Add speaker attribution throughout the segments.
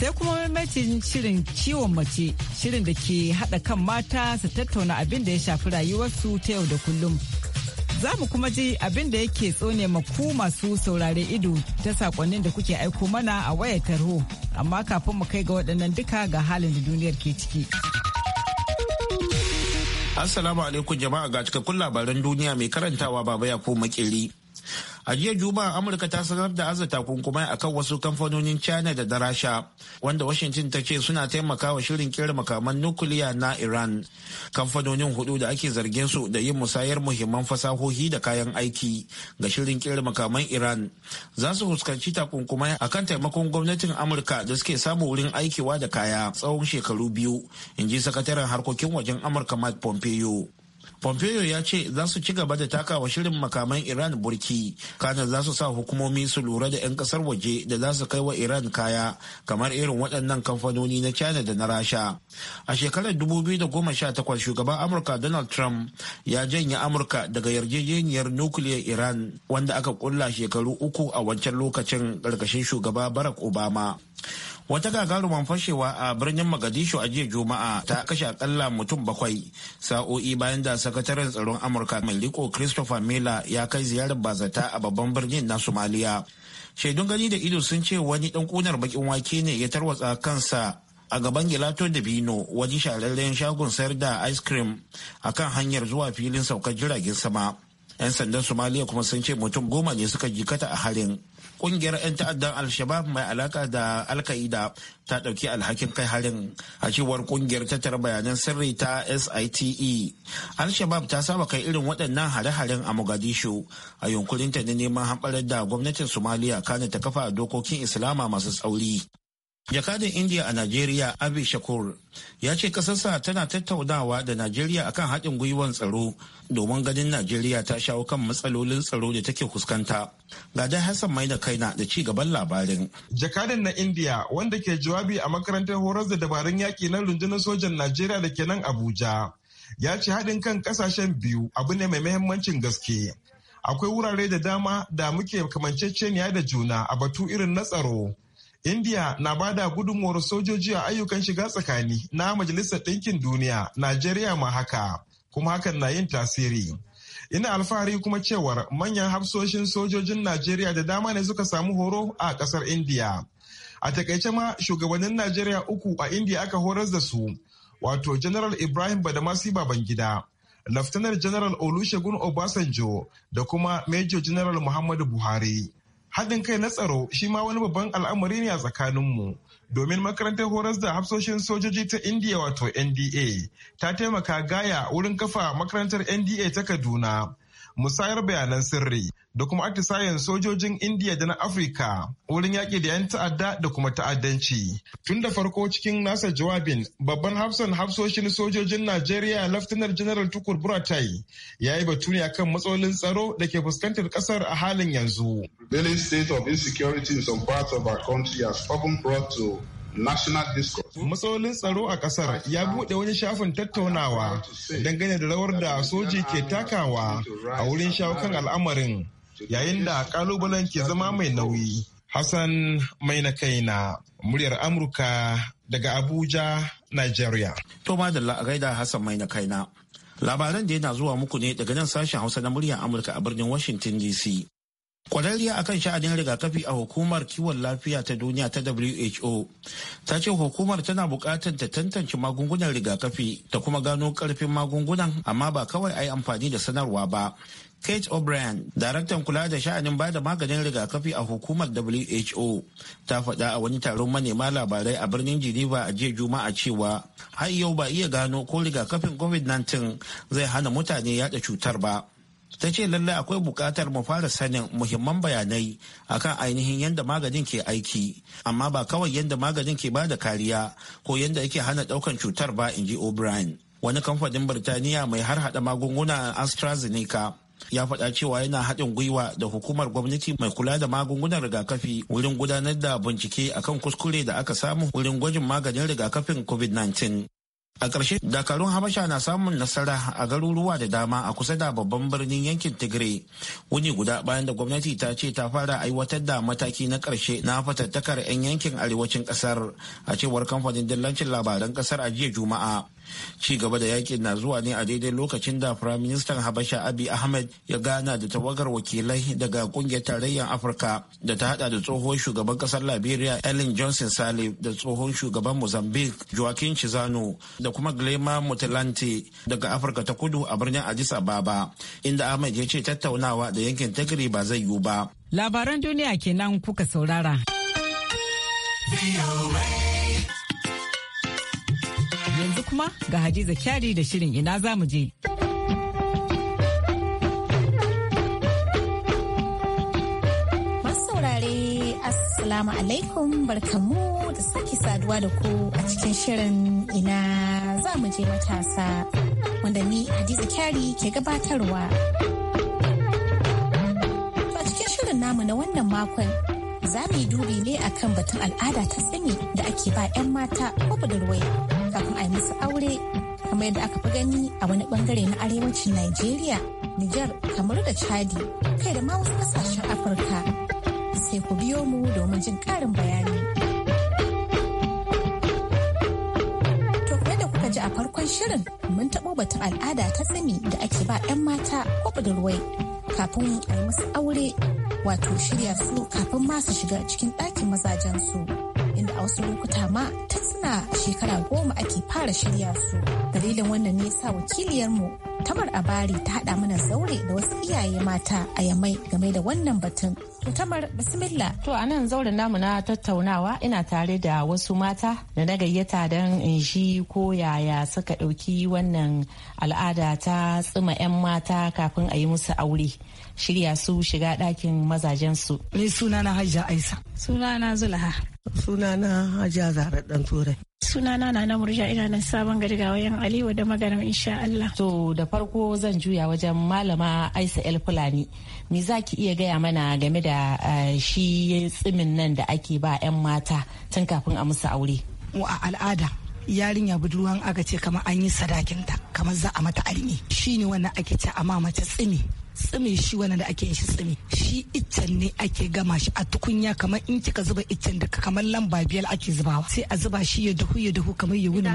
Speaker 1: sai kuma mamacin shirin ciwon mace shirin da ke haɗa kan mata su tattauna abin da ya shafi rayuwarsu ta yau da kullum za mu kuma ji abin da yake tsone maku masu saurare ido ta saƙonnin da kuke aiko mana a wayar tarho amma kafin mu kai ga waɗannan duka ga halin da duniyar ke ciki
Speaker 2: assalamu alaikum jama'a ga cikakkun labaran duniya mai karantawa baba ya ko makeri A jiya Juma'a Amurka ta sanar da aza takunkumai akan wasu kamfanonin China da na Rasha wanda Washington ta ce suna taimakawa shirin kera makaman nukiliya na Iran. Kamfanonin hudu da ake zargin su da yin musayar muhimman fasahohi da kayan aiki ga shirin kera makaman Iran za su fuskanci takunkumai akan taimakon gwamnatin Amurka da suke samu wurin aikewa da kaya tsawon shekaru biyu, in ji sakataren harkokin wajen Amurka Mike Pompeo. pompeo ya ce za su ci gaba da takawa shirin makaman iran burki kana za su sa hukumomi su lura da 'yan kasar waje da za su kai wa iran kaya kamar irin waɗannan kamfanoni na china da na rasha a shekarar 2018 shugaban amurka donald trump ya janye amurka daga yarjejeniyar nukiliyar iran wanda aka kulla shekaru uku a wancan lokacin ƙarƙashin shugaba barack obama wata gagaruman fashewa a birnin magadishu a jiya juma'a ta kashe akalla mutum bakwai sa'o'i bayan da sakataren tsaron amurka mai liko christopher miller ya kai ziyarar bazata a babban birnin na somaliya shaidun gani da ido sun ce wani dan kunar bakin wake ne ya tarwatsa kansa a gaban gelato da bino wani shahararren shagon sayar da ice cream a kan hanyar zuwa filin saukar jiragen sama 'yan sandan somaliya kuma sun ce mutum goma ne suka jikata a harin kungiyar 'yan ta'addan al-shabab mai alaka da alka'ida ta ɗauki alhakin kai harin a cewar kungiyar tattara bayanan sirri ta site al-shabab ta saba kai irin waɗannan hare-haren a mogadishu a yunkurinta na neman haɓarar da gwamnatin somaliya kana ta kafa dokokin islama masu tsauri Jakadin India a Najeriya Abi Shakur ya ce kasarsa tana tattaunawa da Najeriya akan haɗin gwiwar tsaro domin ganin Najeriya ta shawo kan matsalolin
Speaker 3: tsaro da take fuskanta. Ga dai Hassan mai Maina Kaina da ci gaban labarin. Jakadan na India wanda ke jawabi a makarantar horar da dabarun yaƙi na rundunar sojan Najeriya da ke nan Abuja. Ya ce haɗin kan ƙasashen biyu abu ne mai muhimmancin gaske. Akwai wurare da dama da muke kamanceceniya da juna a batu irin na tsaro. India na bada da gudunmuwar sojoji a ayyukan shiga tsakani na Majalisar Ɗinkin Duniya, Najeriya ma haka, kuma hakan na yin tasiri. Ina alfahari kuma cewar manyan hafsoshin sojojin Najeriya da dama ne suka samu horo a ƙasar India. A takaice ma shugabannin Najeriya uku a India aka horar da su, wato General Ibrahim Badamasi Babangida. Laftanar General Olusegun Obasanjo da kuma Major General Muhammadu Buhari. haɗin kai na tsaro shi ma wani babban al'amari ne a tsakaninmu domin makarantar horas da hafsoshin sojoji ta indiya wato nda ta taimaka gaya wurin kafa makarantar nda ta kaduna musayar bayanan sirri da kuma atisayen sojojin indiya da na afirka wurin yaƙi da 'yan ta'adda da kuma ta'addanci tun da farko cikin nasa jawabin babban hafsan hafsoshin sojojin najeriya laftanar general tukur buratai ya yi batu ne akan matsalolin tsaro da ke fuskantar ƙasar a halin yanzu. state of insecurity in some parts of our country has often brought Matsalolin tsaro a kasar ya buɗe wani shafin tattaunawa dangane da rawar da soji ke takawa a wurin shawo kan al'amarin yayin da kalubalen ke zama mai nauyi. Hassan mai na kaina muryar Amurka daga Abuja, Nigeria. To madalla a
Speaker 2: gaida Hassan mai na kai na. Labaran da yana zuwa muku ne daga nan sashen Hausa na muryar Amurka a birnin Washington DC. Kwararriya a kan sha'anin rigakafi a hukumar kiwon lafiya ta duniya ta WHO ta ce hukumar tana buƙatar ta tantance magungunan rigakafi ta kuma gano karfin magungunan amma ba kawai a yi amfani da sanarwa ba. Kate O'Brien, daraktan kula da sha'anin bada maganin rigakafi a hukumar WHO, ta faɗa a wani taron manema labarai a birnin Geneva a jiya Juma'a cewa har yau ba iya gano ko rigakafin COVID-19 zai hana mutane yada cutar ba. ta ce lallai akwai buƙatar mu fara sanin muhimman bayanai akan ainihin yadda maganin ke aiki amma ba kawai yadda maganin ke bada kariya ko yadda yake hana ɗaukan cutar ba in ji o'brien wani kamfanin birtaniya mai har hada magunguna astrazeneca ya faɗa cewa yana haɗin gwiwa da hukumar gwamnati mai kula da magungunan rigakafi wurin gudanar da bincike akan kuskure da aka samu wurin gwajin maganin rigakafin covid-19 A ƙarshe dakarun Habasha na samun nasara a garuruwa da dama a kusa da babban birnin yankin Tigray. Wuni guda bayan da gwamnati ta ce ta fara aiwatar da mataki na ƙarshe na fatattakar 'yan yankin arewacin ƙasar a cewar kamfanin dillancin labaran ƙasar a jiya Juma'a. ci gaba da yakin na zuwa ne a daidai lokacin da firaministan habasha abi ahmed ya gana da tawagar wakilai daga kungiyar tarayyar afirka da ta hada da tsohon shugaban kasar liberia ellen johnson salif da tsohon shugaban mozambique joaquin chizano da kuma glema mutilante daga afirka ta kudu a birnin addis ababa inda ahmed ya ce tattaunawa da yankin tagiri ba zai yiwu ba
Speaker 1: labaran duniya kenan kuka saurara. kuma ga Hadiza Kyari da shirin ina za mu je.
Speaker 4: saurare Assalamu alaikum barkamu da sake saduwa da ku a cikin shirin ina za mu je matasa wanda ni Hadiza Kyari ke gabatarwa. A cikin shirin namu na wannan makon za mu yi dubi ne akan batun al'ada ta tsini da ake ba 'yan mata ko budurwai. kafin a yi musu aure kamar yadda aka fi gani a wani bangare na arewacin Najeriya, Nijar, kamar da Chadi, kai da ma wasu kasashen Afirka. Sai ku biyo mu domin jin ƙarin bayani. To kuma da kuka ji a farkon shirin mun taɓo batun al'ada ta tsimi da ake ba 'yan mata ko budurwai kafin a yi musu aure wato shirya su kafin ma shiga cikin ɗakin mazajen su. inda a wasu lokuta ma tun suna shekara goma ake fara shirya su dalilin wannan ne sa wakiliyarmu tamar abari ta haɗa mana zaure da wasu iyaye mata a yamai game da wannan batun
Speaker 5: Tamar Bismillah. To a nan zauren namu na tattaunawa ina tare da wasu mata da na gayyata don in shi ko yaya suka ɗauki wannan al'ada ta tsima 'yan mata kafin a yi musu aure. Shirya su shiga ɗakin mazajensu. Ni sunana Hajja Aisa. Suna na Zulaha. na Hajja zara dan turai sunana na na murja ina nan sabon gari ga wayan aliyu da magaram insha Allah. To da farko zan juya wajen malama Aisa El Fulani. Me za ki iya gaya mana game da eh, shi tsimin nan da ake ba 'yan mata tun kafin a musu aure? A al'ada yarinya budurwan aka ce kamar
Speaker 6: an yi sadakinta kamar za a mata Shi shine wannan ake ce a mace tsimi tsimin shi wannan da ake yin shi tsimi shi iccen ne ake gama shi a tukunya kamar in kika zuba iccen da kamar lamba biyar ake zubawa sai a zuba shi ya dahu ya dahu kamar ya wuni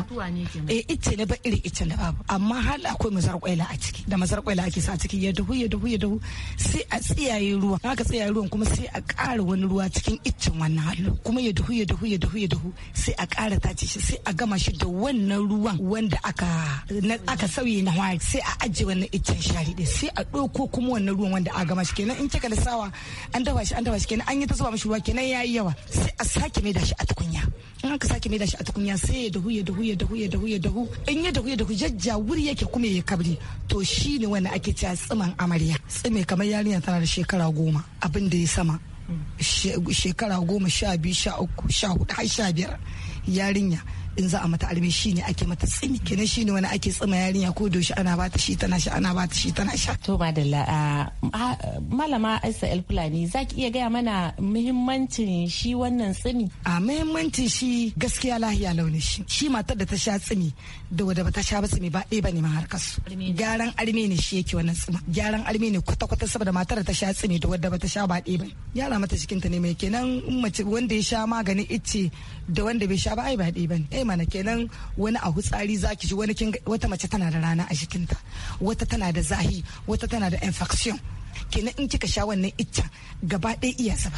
Speaker 6: eh icce ne ba iri iccen da babu amma har akwai mazar kwaila a ciki da mazar kwaila ake sa a ciki ya dahu ya dahu ya dahu sai a tsiyaye ruwa haka tsiyaye ruwan kuma sai a ƙara wani ruwa cikin iccen wannan hallo kuma ya dahu ya dahu ya dahu ya dahu sai a ƙara tace shi sai a gama shi da wannan ruwan wanda aka aka sauye na hwari sai a ajiye wannan iccen shari sai a ɗauko kuma wannan ruwan wanda a gama shi kenan in kika lissawa an dafa shi an dafa shi kenan an yi ta zuba mishi ruwa kenan yayi yawa sai a sake mai da shi a tukunya in aka sake mai da shi a tukunya sai ya dahu ya dahu ya dahu ya dahu ya dahu in ya dahu ya dahu jajja wuri yake kuma ya kabri to shi ne wanda ake cewa tsiman amarya tsime kamar yarinya tana da shekara goma abin da ya sama mm. shekara goma sha biyu sha uku sha hudu har sha biyar yarinya in za a mata shi ne ake mata tsimi kenan ne wani ake tsima yarinya ko doshi ana bata shi tana sha ana bata shi tana sha to madalla
Speaker 5: malama aisa El Fulani zaki iya gaya mana muhimmancin shi wannan tsimi a muhimmancin shi gaskiya lahiya launi shi shi matar da ta sha tsimi da wadda ba ta sha ba
Speaker 6: tsimi ba ɗaya ba ma harkar su gyaran arme ne shi yake wannan tsima gyaran arme ne kwata kwata saboda matar da ta sha tsimi da wadda ba ta sha ba ɗaya ba. yara mata cikinta ne mai kenan mace wanda ya sha maganin ice da wanda bai sha ba ai ba ɗaya ne. kai mana kenan wani a hutsari zaki ji wani wata mace tana da rana a jikinta wata tana da zahi wata tana da infection kenan in kika sha wannan iccen gaba ɗaya iyasa ba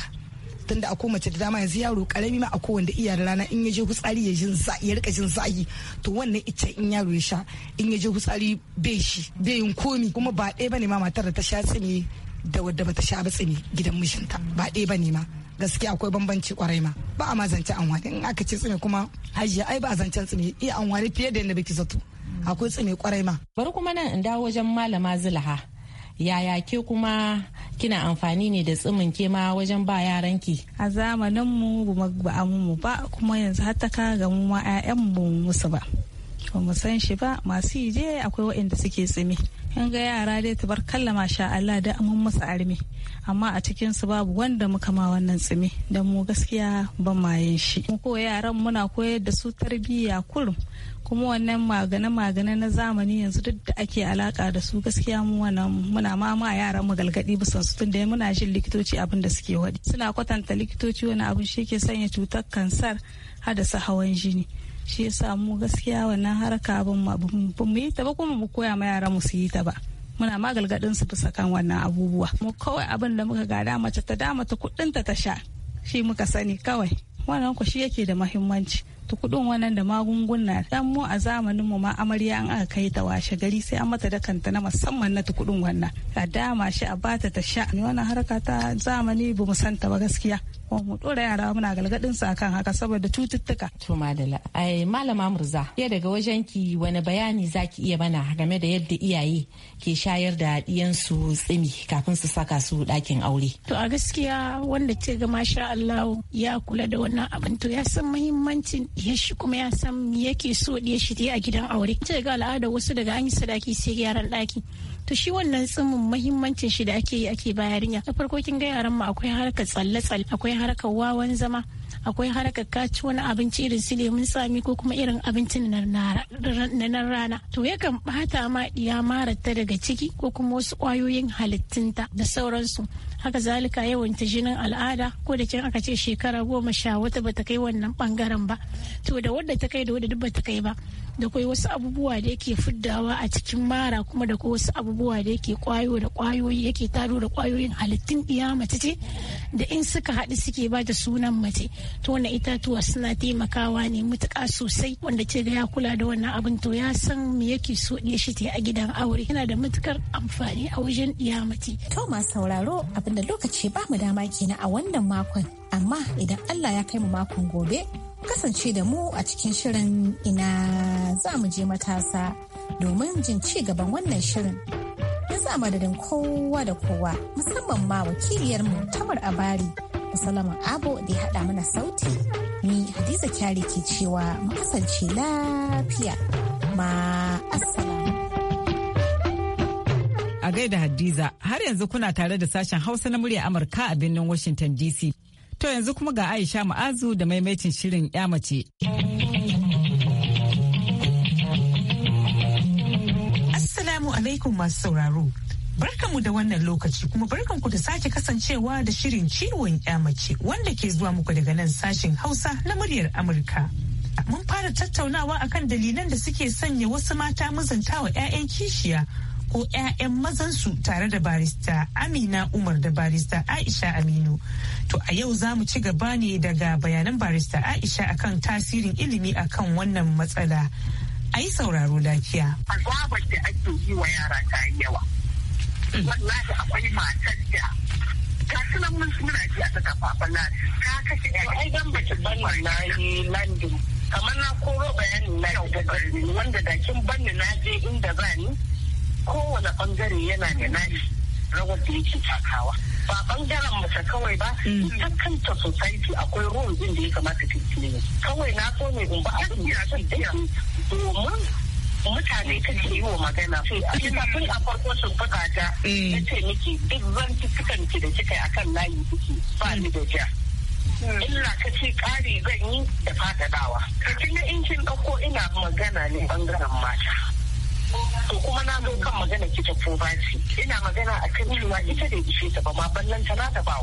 Speaker 6: tunda a mace da dama yanzu yaro karami ma a kowanne iya da rana in ya je hutsari ya jin ya rika jin zahi to wannan iccen in yaro ya sha in ya je hutsari bai shi bai yin komi kuma ba ɗaya bane ma matar da ta sha tsini da wadda bata sha ba tsini gidan mijinta ba ɗaya bane ma gaskiya akwai bambanci kwarai ma ba a ma an anwani in aka ce tsime kuma hajiya ai ba a zancen tsime iya anwani fiye da yadda biki zato akwai
Speaker 5: tsime kwarai ma bari kuma nan in dawo wajen malama zulaha yaya ke kuma
Speaker 7: kina amfani ne da tsimin ke ma wajen ba ki a zamanin mu ba mu ba kuma yanzu har ta ga mu ma 'ya'yan mu musu ba ba mu san shi ba masu yi je akwai waɗanda suke tsimi in ga yara dai tabar kalla masha Allah da mun musu armi amma a cikin su babu wanda muka ma wannan tsimi da mu gaskiya ban yin shi mu ko yaran muna koyar da su tarbiyya kurum kuma wannan magana magana na zamani yanzu duk da ake alaka da su gaskiya mu wannan muna ma ma yaran mu galgadi bisan su tunda muna jin likitoci abin da suke wadi suna kwatanta likitoci wani abin shi ke sanya cutar kansar har da hawan jini shi yasa mu gaskiya wannan harka ban mu yi ta ba kuma mu koya ma yara mu su yi ta ba muna ma galgadin su bisa kan wannan abubuwa mu kawai abin da muka gada mace ta dama ta kudin ta ta sha shi muka sani kawai wannan ku shi yake da muhimmanci. to kudin wannan da magunguna dan mu a zamanin mu ma amarya an aka kai ta washe gari sai an mata dakanta na musamman na ta kudin wannan a dama shi a bata ta sha wannan harka ta zamani ba mu santa ba gaskiya mu dora yara muna galgadin sa kan haka saboda cututtuka to madala
Speaker 5: ai malama murza ya daga wajen ki wani bayani zaki iya mana game da yadda iyaye ke shayar da diyansu tsimi kafin su saka su dakin aure
Speaker 8: to a gaskiya wanda ce ga masha Allah ya kula da wannan abin to ya san muhimmancin ya shi kuma ya san yake so ɗaya shi a gidan aure ta ga al'ada wasu daga an yi sadaki sai gyaran ɗaki to shi wannan tsimin muhimmancin shi da ake yi ake bayarinya na farko kin ga yaran mu akwai harkar tsalle-tsalle akwai harkar wawan zama akwai harkar kaci wani abinci irin su lemun tsami ko kuma irin abinci na nan rana to yakan bata ma diya marar ta daga ciki ko kuma wasu kwayoyin halittunta da sauransu haka zalika yawanta jinin al'ada ko da can aka ce shekara goma sha wata ba ta kai wannan bangaren ba to da wadda ta kai da wadda duk ta kai ba da kai wasu abubuwa da yake fuddawa a cikin mara kuma da wasu abubuwa da yake kwayo da kwayoyi yake taro da kwayoyin halittun iya mace ce da in suka haɗu suke ba da sunan mace to wannan itatuwa suna taimakawa ne mutuƙa sosai wanda ce ga ya kula da wannan abin to ya san me yake so ɗaya shi ta a gidan aure yana da matukar amfani a wajen ɗiya mace. To masu sauraro
Speaker 4: abinda lokaci ba mu dama kenan a wannan makon amma idan Allah ya kai mu makon gobe kasance da mu a cikin shirin ina za mu je matasa domin jin ci gaban wannan shirin. yanzu za madadin kowa da kowa musamman ma wakiliyarmu tamar abari da salamun abo da ya haɗa mana sauti ni hadiza kyari ke cewa mu kasance lafiya ma
Speaker 1: a gaida hadiza har yanzu kuna tare da sashen hausa na murya amurka a birnin washington dc to yanzu kuma ga aisha ma'azu da maimaicin shirin ya mace.
Speaker 7: alaikum masu sauraro. Barkanmu da wannan lokaci kuma barkanku da sake kasancewa da shirin ciwon mace wanda ke zuwa muku daga nan sashen Hausa na muryar Amurka. Mun fara tattaunawa akan dalilan da suke sanya wasu mata mazantawa 'ya'yan kishiya ko 'ya'yan mazansu tare da barista Amina Umar da barista Aisha Aminu. To a yau za mu ci gaba ne daga bayanan barista Aisha akan tasirin ilimi akan wannan matsala. a yi sauraro lafiya.
Speaker 9: Azabar da ake yi wa yara ta yi yawa. Wallahi akwai matar da ta suna mun suna ji a ta na ta kashe ai dan bakin ban na yi landin kamar na koro bayanin na da wanda dakin kin banni na je inda ba ni kowane bangare yana da nashi. rawar da yake takawa ba bangaren mace kawai ba mm. ta kanta society akwai role din da ya kamata ta yi kawai na so ne in ba abin da ya domin mutane kake yi wa magana sai mm. a kisa a farko sun fata ta ya mm. ce miki duk zantukan ki da kika yi akan layi kuke ba ni da ja illa ka ce ƙari zan yi da fadadawa. Ka na injin ɗauko ina magana ne bangaren mata. to kuma na zo kan magana kita ko ina magana a kan cewa ita da ishe ta ba ma ballan ta na ta ba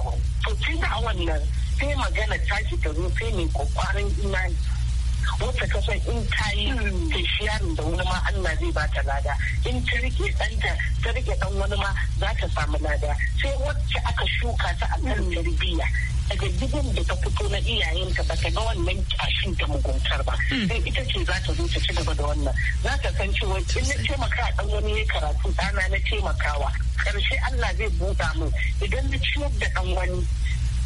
Speaker 9: to tun da wannan sai magana ta ki ta zo sai mai kokarin imani wacce ka san in ta yi ta da wani ma Allah zai ba ta lada in ta rike ɗanta ta rike ɗan wani ma za ta samu lada sai wacce aka shuka ta a kan mm. tarbiyya daga gidan da ta fito na iyayenta ba ta ga wannan kyashin da muguntar ba mm. sai ita ce za ta zo ta ci gaba da wannan za ta san cewa in na taimaka dan wani ya karatu ɗana na taimakawa karshe Allah zai buɗa min idan na ciyar da ɗan wani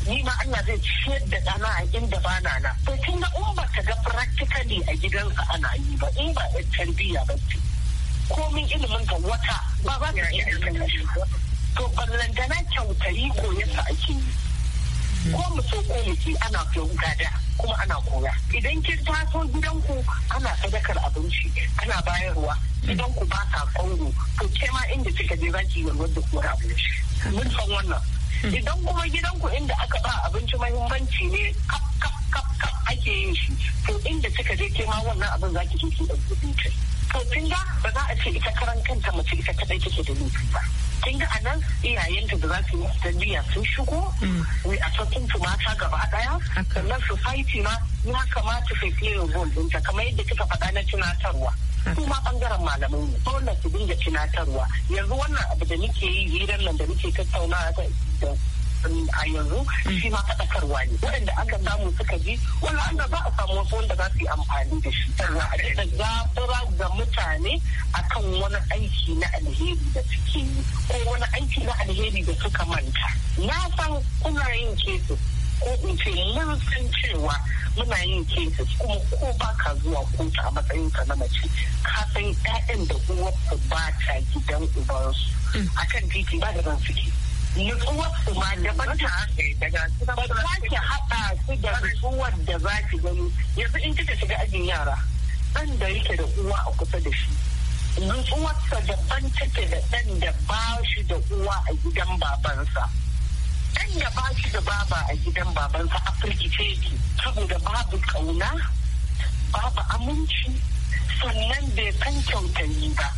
Speaker 9: ni ma Allah zai ciyar da ɗana a inda ba na na tarbiyya ba ce komin ilimin ka wata ba za ka iya shi to ballantana kyautayi koyarsa ake yi ko mu so ko mu ci ana koyon gada kuma ana koya idan kin taso gidanku ana sadakar abinci ana bayarwa idan ku ba ka kongo to ke ma inda kika je zaki yalwar da kuwar abinci mun san wannan idan kuma gidanku inda aka ba abinci mahimmanci ne kap kap kap kap ake yin shi to inda kika je kema wannan abin za ki je da dutse to kin ga ba za a ce ita karan kanta mace ita kadai take da laifi ba kin ga anan iyayenta da za su yi tarbiyya sun shigo mm. wai a cikin su mata gaba daya sannan society ma ya kamata su fiye role ɗinta kamar yadda kika faɗa na tunatarwa kuma bangaren malamai ne dole su dinga tunatarwa yanzu wannan abu da nake yi hirar nan da nake tattaunawa da hamsin a yanzu mm. shi ma faɗakarwa ne waɗanda aka samu suka ji wani an za a samu wasu wanda za su yi amfani da shi da zafura ga mutane akan wani aiki na alheri da suke yi ko wani aiki na alheri da suka manta na san kuna yin kesu ko in ce mun san cewa muna yin kesis kuma ko ba ka zuwa kotu a matsayin ka na mace ka san 'ya'yan da uwarsu ba ta gidan ubansu mm. akan titi ba da ban suke nutsuwar su ma daban ta ba za ki haɗa su da nutsuwar da za ki gani yanzu in kika shiga ajin yara ɗan da yake da uwa a kusa da shi nutsuwarsa daban take da ɗan da ba shi da uwa a gidan babansa ɗan da ba shi da baba a gidan babansa a firgice yake saboda babu ƙauna babu aminci sannan bai san kyautani ba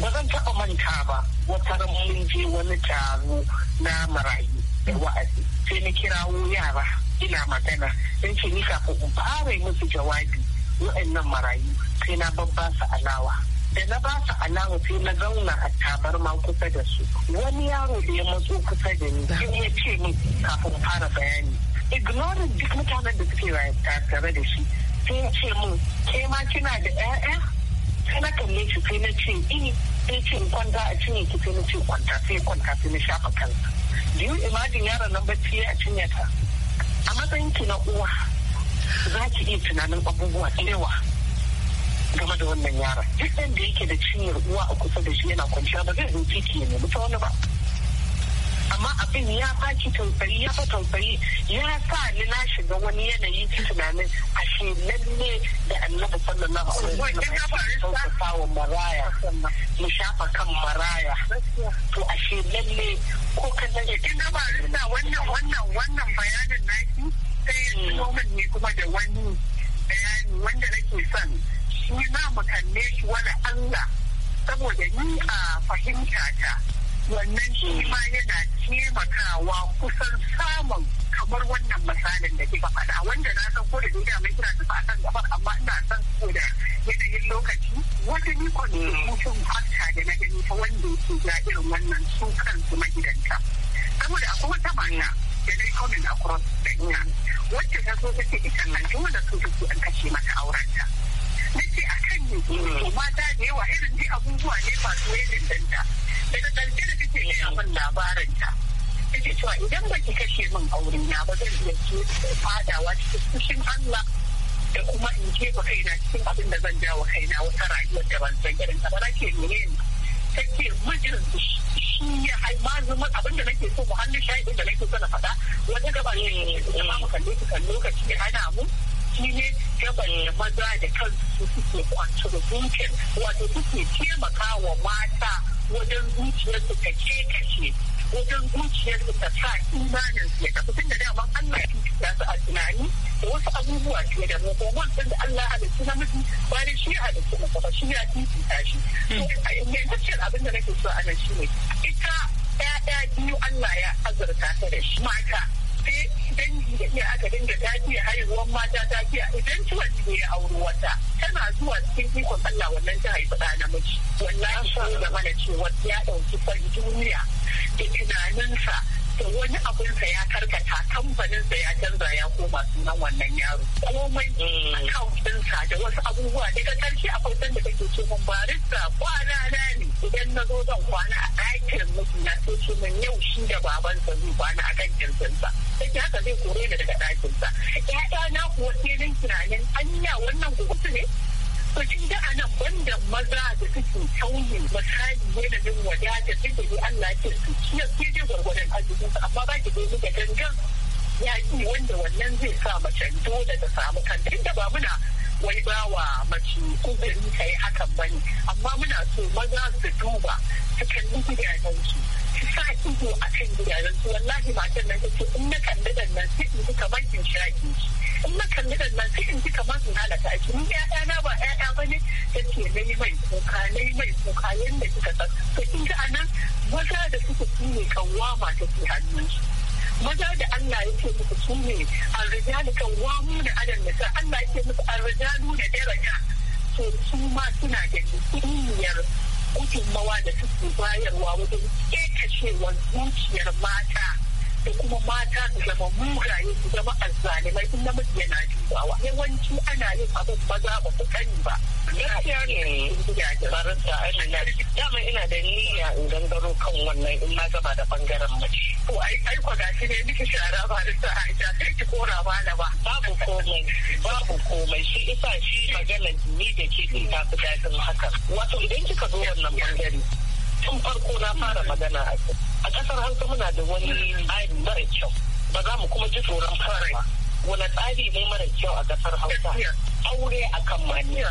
Speaker 9: ba zan taɓa manta ba wata mun je wani taro na marayu da wa'azi sai na kirawo yara ina magana in ce ni kafin in fara musu jawabi wa'annan marayu sai na babba su alawa da na ba su alawa sai na zauna a tabarma kusa da su wani yaro da ya matso kusa da ni sai ya ce min kafin fara bayani ignoring duk mutanen da suke tare da shi sai ya ce min ke ma kina da 'ya'ya sai na kalle shi sai na ce ini eh, sai ce in kwanta a cinye ki sai na ce kwanta sai ya kwanta sai na shafa kansa biyu imajin yaron nan bacci ya cinye ta a matsayin ki na uwa za ki iya tunanin abubuwa cewa game da wannan yaron duk ɗan da yake da cinyar uwa a kusa da shi yana kwanciya ba zai zuci ki ya nemi ta wani ba amma abin ya ki tausayi ya fa tausayi ya sa ni na shiga wani yanayi ki tunanin a shi lalle da annabi sallallahu alaihi wasallam ni a fahimta ta wannan jefa kaina cikin abin da zan jawo kaina wata rayuwar da ban san irin ta ba nake nune ni take mijin shi ya haima abin da nake so mu hannu shahidin da nake so na faɗa wata gaba ne eh, eh, ma mu kalle su kan lokaci ana mu shi ne gaban maza da kansu suke contribution wato suke taimaka wa mata wajen zuciyarsu ta kashe wajen zuciyar mu ta sa imanin ya tafi tun da daman Allah ya ta su a tunani da wasu abubuwa fiye da mu ko da Allah halittu na miji ba da shi halittu na kafa shi ya tuta shi. Yantacciyar hmm. abin da nake so a nan shi ne ita ‘ya'ya biyu Allah ya azurta ta da shi mata sai dangi da iya aka dinga ta kiya haihuwar mata ta idan ciwon ne ya auri wata tana zuwa cikin ikon Allah wannan ta haifi ɗa miji. wallahi shi da mana cewa ya ɗauki kwan duniya da tunaninsa da wani abunsa ya karkata kamfaninsa ya canza ya koma sunan wannan yaro komai mm. akauntinsa da wasu abubuwa daga karshe a kwatan da kake ce mun barista kwana na ne idan na zo zan kwana a ɗakin miji na so ce mun yau shi da babansa zai kwana a kan kirkinsa sarki haka zai kore ni daga ɗakinsa ƴaƴa na kuwa sai nan tunanin anya wannan gugutu ne to kin ga nan. banda maza da suke tauye misali yanayin wadata duk da ni Allah ke su shi sai dai gwargwadon arzikin amma ba ki dai da gangan yaƙi wanda wannan zai sa macen dole ta samu kanta inda ba muna wai ba wa mace kuzari ta yi hakan ba ne amma muna so maza su duba su kalli gidajensu ki sa ido a kan gidajen su wallahi matan nan take in na kalli dan nan sai in ji kamar in shaki in na kalli dan nan sai in ji kamar in halaka a cikin 'ya'ya na ba 'ya'ya ba ne take nayi mai kuka nayi mai kuka yanda kika san to kin ga anan maza da suka tsine kawama take hannun su maza da Allah ya ce muku su ne arrijalu kan wamu da adam da sa Allah ya ce muku arrijalu da daraja to su ma suna da kimiyyar gudunmawa da suke bayarwa wajen ƙetacewar zuciyar mata da kuma mata su zama mugaye su zama azzalimai in namiji yana dubawa yawanci ana yin abin maza ba ku sani ba gaskiya ne barista amina dama ina da niyya in gangaro kan wannan in ma gaba da bangaren mace to ai ai ko shi ne miki shara barista aisha sai ki kora mana ba babu komai babu komai shi isa shi magana ni da ke ta fi daɗin haka wato idan kika zo wannan bangare tun farko na fara magana a kai a kasar hausa muna da wani tsari mara kyau ba za mu kuma ji tsoron fara wani tsari ne mara kyau a kasar hausa aure akan maniya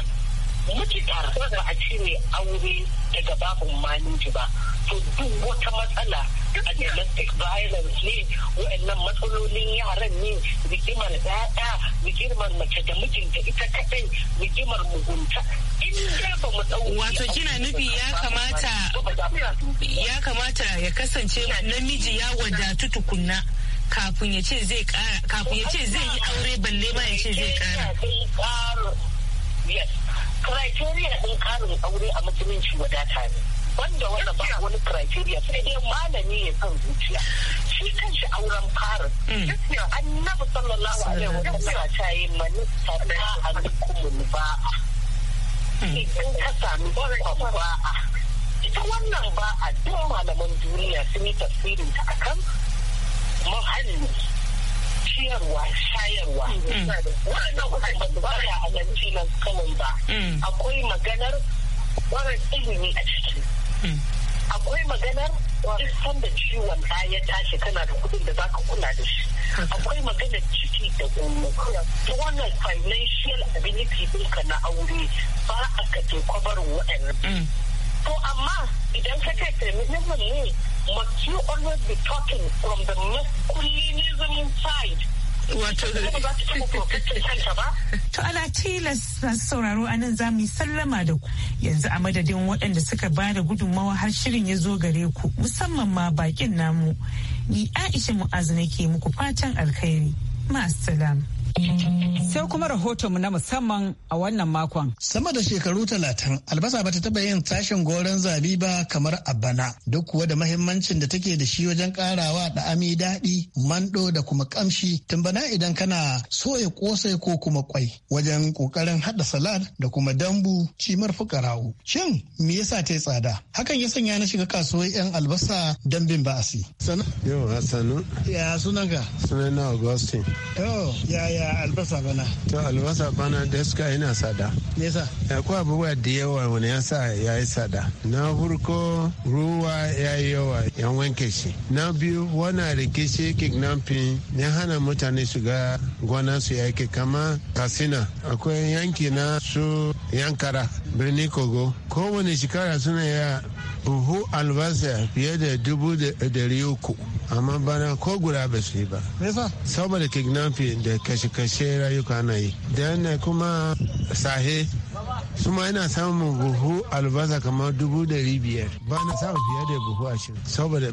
Speaker 9: mutukar ba a cire aure daga babu maniji ba to duk wata matsala a domestic violence ne wa'annan matsalolin yaran ne rigimar ɗaya rigimar mace da mijinta ita kaɗai rigimar mugunta wato kina nufi ya kamata ya kamata ya kasance namiji ya wadatu tukunna kafin ya ce zai kara kafin ya ce zai yi aure balle ma ya ce zai kara criteria ɗin karin aure a musulunci wadata ne wanda wanda ba wani criteria sai dai malami ya san zuciya shi kan shi auren farin mm. annabi sallallahu alaihi wa sallam ta yi manista ta alukumun ba'a idan ka sami kwakwa ba'a ita wannan ba'a duk malaman duniya sun yi tafsirin ta akan muhalli ciyarwa shayarwa mm. waɗanda ba ya halarci nan kawai ba akwai maganar warar ilimi a ciki mm. akwai maganar duk sanda ciwon ya tashi kana da kuɗin da za ka kula da shi akwai maganar ciki da gomo ta wannan financial ability ɗinka na aure ba a ka ke kwabarin mm. to amma idan ka kai feminism ne must you always be talking from the masculinism side wato
Speaker 7: to ala tilas sauraro anan za mu yi sallama da ku yanzu a madadin waɗanda suka ba da gudunmawa har shirin ya zo gare ku musamman ma bakin namu ni aisha mu'azu nake muku fatan alkhairi ma'assalam.
Speaker 1: sai kuma mu na musamman a wannan makon. Sama da shekaru talatin albasa bata taba
Speaker 10: yin tashin goron zabi ba kamar a bana duk kuwa da mahimmancin da take da shi wajen karawa da ami daɗi mando da kuma kamshi tun bana idan kana soya kosai ko kuma kwai wajen kokarin haɗa salad da kuma dambu cimar fukarawu. Shin me yasa ta tsada? Hakan ya sanya na shiga kasuwar yan albasa bin ba'asi.
Speaker 11: Yau, Hassanu. Ya sunanka? Sunan na Augustine. Yau, yaya ya albasa bana to albasa da suka yana sada nesa kuwa abubuwa da yawa wani ya sa ya yi sada na hurko ruwa ya yi yawa yan wanke shi na biyu wani rikici kidnapping ya hana mutane shiga gona su yake kama kasina akwai yanki na su yankara birni kogo kowane shekara suna ya buhu albasa fiye da dubu da uku amma bana ko guda ba su yi ba saboda kidnapping da kashe-kashe rayuka na yi da kuma sahe su ma ina samun buhu albasa kamar dubu dari biyar ba na samun fiye da buhu shi saboda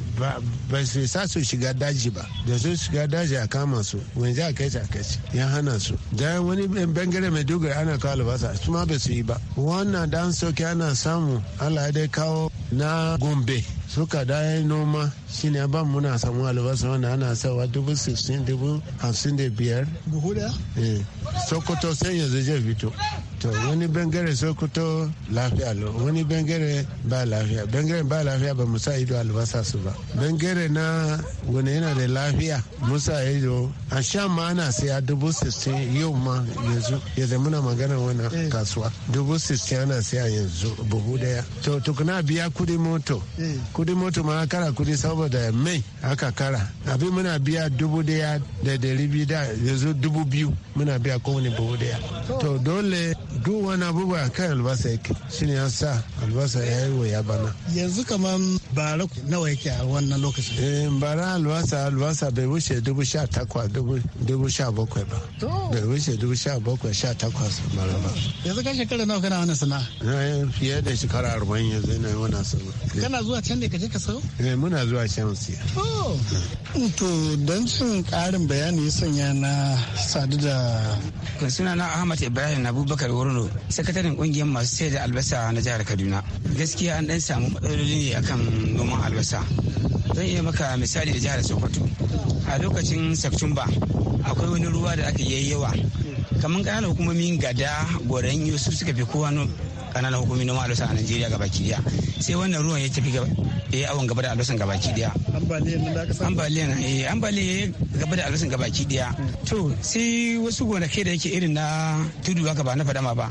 Speaker 11: ba su sa su shiga daji ba da su shiga daji a kama su wani za a kai a kai ya hana su da wani bangare mai dogara ana kawo albasa su ma ba su yi ba wannan dan soke ana samu allah dai kawo na gombe suka da noma shine ya ba mu muna samu albasa wanda ana sawa dubu sixteen dubu hamsin da biyar buhu da eh, sokoto sai yanzu zai fito to wani bangare sokoto lafiya lo wani bangare ba lafiya bangare ba lafiya ba musa ido albasa su ba bangare na wani yana da lafiya musa ido a sha ma ana siya dubu sixteen yau ma yanzu ya zama na magana wannan eh. kasuwa dubu sixteen ana siya yanzu buhu daya to tukuna biya kudi moto eh. kudi moto ma kara kudi sabo saboda mai aka kara abin muna biya dubu daya da dari biyu da yanzu dubu biyu muna biya kowane dubu daya to dole duk wani abubuwa kan albasa yake shine ya sa albasa ya yi ya bana
Speaker 10: yanzu kaman bara nawa yake a wannan lokacin eh bara
Speaker 11: albasa albasa bai wuce dubu sha takwas dubu sha bakwai ba bai wuce dubu sha bakwai sha takwas bara ba
Speaker 10: yanzu kan shekara nawa kana wani sana'a
Speaker 11: eh, fiye da shekara arba'in yanzu na wani sana'a
Speaker 10: kana zuwa can ne ka je ka sayo
Speaker 11: eh muna zuwa sayansi.
Speaker 10: Oh. To don cin karin bayani ya sanya na sadu da.
Speaker 12: Suna na Ahmad Ibrahim Abubakar Wurno, sakataren ƙungiyar masu sayar da albasa na jihar Kaduna. Gaskiya an dan samu matsaloli ne akan noman albasa. Zan iya maka misali da jihar Sokoto. A lokacin Satumba akwai wani ruwa da aka yi yawa. Kamar ƙananan hukumomin gada goran su suka fi kowa kananan hukumomi noma alusa a Najeriya gabaki daya sai wannan ruwan ya tafi ya awon gaba da alusan gabaki daya ambaliyan eh ambaliyan gaba da alusan gabaki daya to sai wasu gonakai da yake irin na tudu haka ba na fadama ba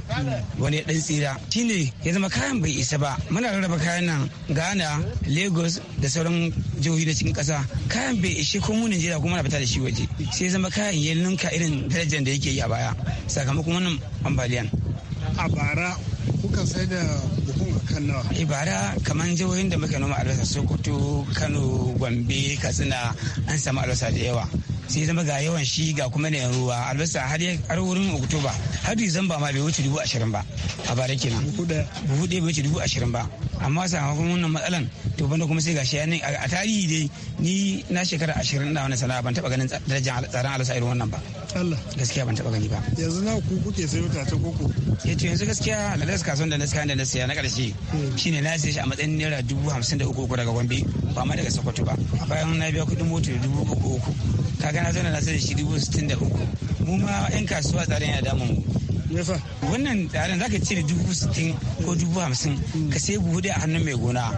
Speaker 12: wani dan tsira shine ya zama kayan bai isa ba muna rarraba kayan nan Ghana Lagos da sauran jihohi da cikin kasa kayan bai ishe ko mu Najeriya kuma na fita da shi waje sai zama kayan ya ninka irin darajar da yake yi a baya sakamakon wannan ambaliyan a bara kuka sai da buhun a kan nawa ibara eh, kamar jihohin da muke noma albasa sokoto kano gombe katsina an samu albasa da yawa sai zama ga yawan shi ga kuma yanayin ruwa albasa har har wurin oktoba har disamba ma bai wuce dubu ashirin ba a bara kenan buhu ɗaya bai wuce dubu ashirin ba amma sakamakon wannan matsalan to banda kuma sai ga ne a tarihi dai ni na shekara ashirin na wani sana'a ban taɓa ganin darajar tsaron alasa irin wannan ba Allah gaskiya ban taɓa gani ba yanzu na ku kuke sayo wuta ta koko ya eh, ce yanzu gaskiya lalas kasuwan da na sayan da na saya na ƙarshe hmm. shine na saye shi a matsayin naira dubu hamsin da uku uku daga gombe ba ma daga sokoto ba ah. bayan na biya kuɗin mota dubu uku uku kaga na zo na sai shi dubu sittin da uku mu ma yan kasuwa tsarin yana damun mu wannan tsarin zaka cire dubu sittin ko dubu hamsin ka sai buhu da a hannun mai gona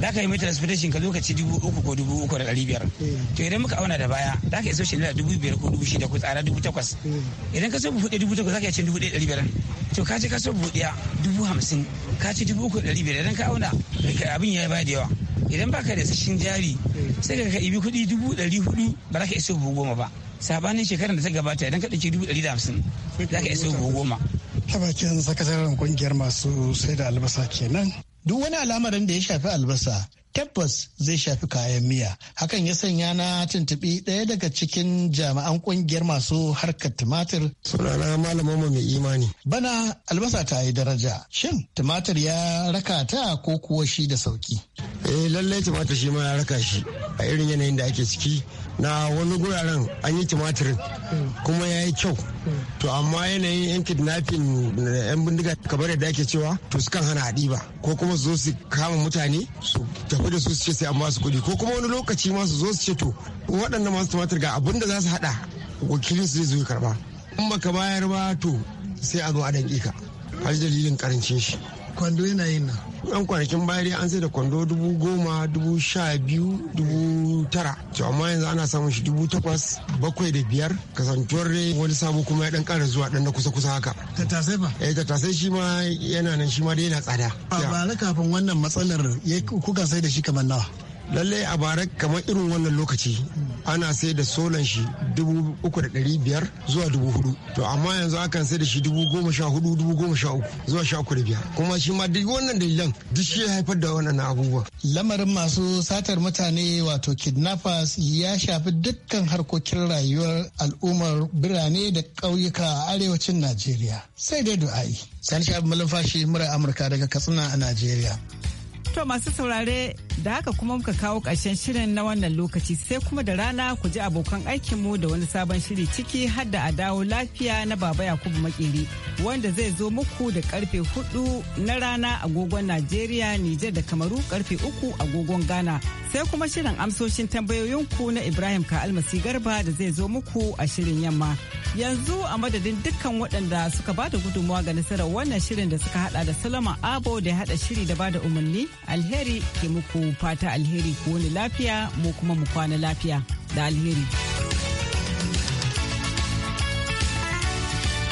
Speaker 12: zaka yi mai transportation ka lokaci dubu uku ko dubu uku da ɗari biyar to idan muka auna da baya zaka iso shi da dubu biyar ko dubu shida ko tsara dubu takwas idan ka so buhu da dubu takwas zaka iya cin dubu ɗaya ɗari biyar to ka ce ka so buhu ɗaya dubu hamsin ka ci dubu uku da ɗari biyar idan ka auna abin ya yi ba da yawa idan baka da sashin jari sai ka ibi kuɗi dubu ɗari hudu ba za ka iso buhu goma ba sabanin shekarar da ta gabata idan ka ɗauki dubu ɗari da hamsin za ka iso buhu goma.
Speaker 10: ta bakin sakataren kungiyar masu sai da albasa kenan. duk wani al'amarin da ya shafi albasa tabbas zai shafi kayan miya hakan ya sanya na tuntuɓi ɗaya daga cikin jami'an ƙungiyar masu harkar tumatir sunana mu mai imani bana albasa ta yi daraja shin tumatir ya raka ta ko kuwa shi da sauki
Speaker 13: eh lallai tumatir shi ma ya raka shi a irin yanayin da ake ciki na wani guraren an yi tumatirin kuma ya yi kyau to amma yanayin yan kidnapping yan bindiga kamar yadda ake cewa to su kan hana haɗi ba ko kuma su zo su kama mutane su tafi da su su ce sai an su kuɗi ko kuma wani lokaci ma su zo su ce to waɗannan masu tumatir ga abin da za su haɗa wakilin su zai zo karba in baka bayar ba to sai a zo a danƙe ka har dalilin karancin shi kwando yana yin nan yan kwanakin baya dai an sai da kwando dubu goma dubu sha biyu dubu tara to amma yanzu ana samun shi dubu takwas bakwai da biyar kasantuwar dai wani sabo kuma ya dan kara zuwa dan na kusa kusa haka tattasai ba eh tattasai shi ma yana nan shi ma dai yana tsada ba bara kafin wannan matsalar kuka sai da shi kamar nawa lallai a bara kamar irin wannan lokaci ana sai da solan shi dubu uku da ɗari biyar zuwa dubu hudu to amma yanzu akan sai da shi dubu goma sha hudu dubu goma sha uku zuwa sha uku da biyar kuma shi ma duk wannan dalilan
Speaker 10: duk shi ya haifar da wannan abubuwa. lamarin masu satar mutane wato kidnappers ya shafi dukkan harkokin rayuwar al'ummar birane da ƙauyuka a arewacin najeriya sai dai du'ai sani shafi malumfashi murar amurka daga katsina a najeriya.
Speaker 1: to masu saurare da haka kuma muka kawo ƙarshen shirin na wannan lokaci sai kuma da rana ku ji abokan aikinmu da wani sabon shiri ciki har da a dawo lafiya na baba yakubu makeri wanda zai zo muku da karfe hudu na rana agogon najeriya nijar da kamaru karfe uku agogon ghana sai kuma shirin amsoshin tambayoyinku na ibrahim almasi garba da zai zo muku a shirin yamma yanzu a madadin dukkan waɗanda suka ba da gudunmawa ga nasarar wannan shirin da suka hada da salama abo da ya haɗa shiri da ba da umarni alheri ke muku fata alheri ko wani lafiya mu kuma mu kwana lafiya da alheri.